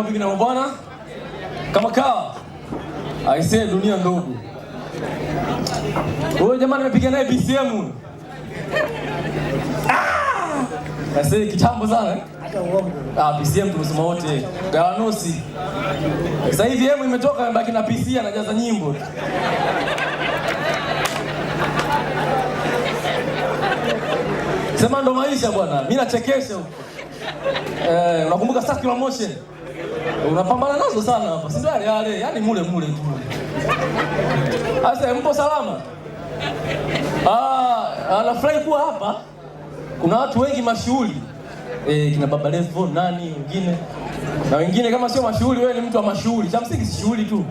Vipi na bwana, kama kaa aisee, dunia ndogo. Wewe jamani, nimepiga naye BCM ah, kitambo sana eh? ah, BCM tumesoma wote gawanosi. Sasa hivi emu imetoka, imebaki na PC anajaza nyimbo sema, ndo maisha bwana, mi nachekesha huko eh, unakumbuka Circular Motion Unapambana nazo sana hapa. Sisi wale yani mule mule tu. Asa mpo salama? Ah, anafurahi kuwa hapa. Kuna watu wengi mashuhuri. Eh, kina Baba Levo nani wengine? Na wengine kama sio mashuhuri, wewe ni mtu wa mashuhuri. Cha msingi si shuhuri tu.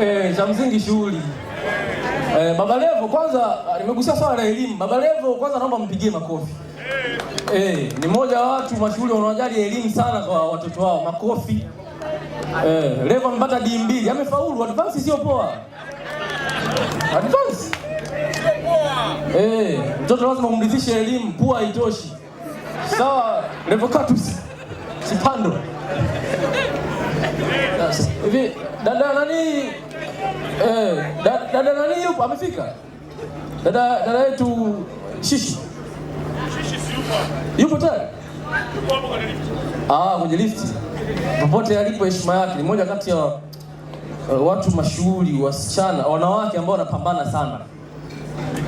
Eh, cha msingi shuhuri Eh, Baba Levo kwanza nimegusia swala la elimu. Baba Levo kwanza naomba mpigie makofi. Eh, ni mmoja wa watu mashuhuri wanaojali elimu sana kwa watoto wao. Makofi. Eh, leo amepata D Amefaulu, advance sio poa. Advance. Eh, mtoto lazima umrithishe elimu, pua haitoshi. Sawa, Revocatus. Sipando. Hivi dada nani? Eh, dada nani yupo amefika? Dada dada yetu Shishi. Yupo tayari? Ah, kwenye lift. Popote alipo heshima yake. Ni moja kati ya uh, watu mashuhuri, wasichana, wanawake ambao wanapambana sana.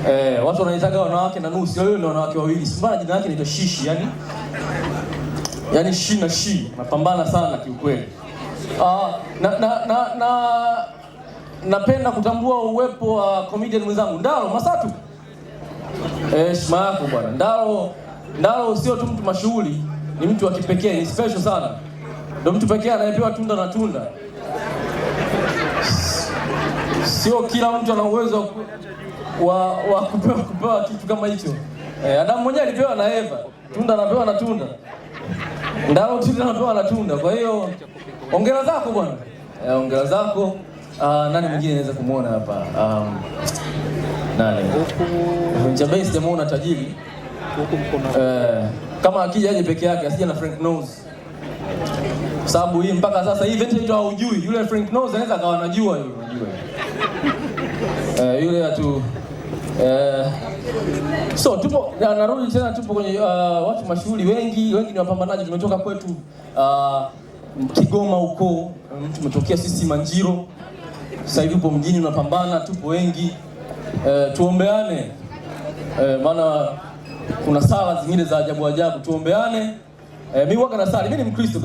Eh, watu wanaitaga wanawake na nusu. Yeye ni wanawake wawili. Simba jina yake ni Toshishi, yani Yaani shi na shi, napambana sana kiukweli. Ah, na na na, na napenda kutambua uwepo wa uh, comedian mwenzangu Ndaro Masatu. Eh, heshima yako bwana. Ndaro Ndaro sio tu mtu mashuhuri, ni mtu wa kipekee, ni special sana, ndio mtu pekee anayepewa tunda na tunda. Sio kila mtu ana uwezo wa, wa kupewa, kupewa kitu kama hicho. Eh, Adamu mwenyewe alipewa na Eva, tunda anapewa na tunda, Ndaro tunda anapewa na tunda. Kwa hiyo ongera zako bwana, eh, ongera zako. Uh, nani mwingine anaweza kumuona hapa? Um, nani? Mjabei sijamuona tajiri Eh, kama akija aje peke yake asije na Frank Nose. Sababu hii mpaka sasa hii ventilator haujui. Yule Frank Nose anaweza akawa anajua yule unajua. Eh, yule atu eh, so tupo narudi tena tupo kwenye uh, watu mashuhuri wengi, wengi ni wapambanaji tumetoka kwetu uh, Kigoma huko, tumetokea sisi Manjiro. Sasa hivi upo mjini unapambana, tupo wengi. Eh, tuombeane. Eh, maana kuna sala zingine za ajabu ajabu, tuombeane. Eh, mimi waga na sala, mimi ni Mkristo.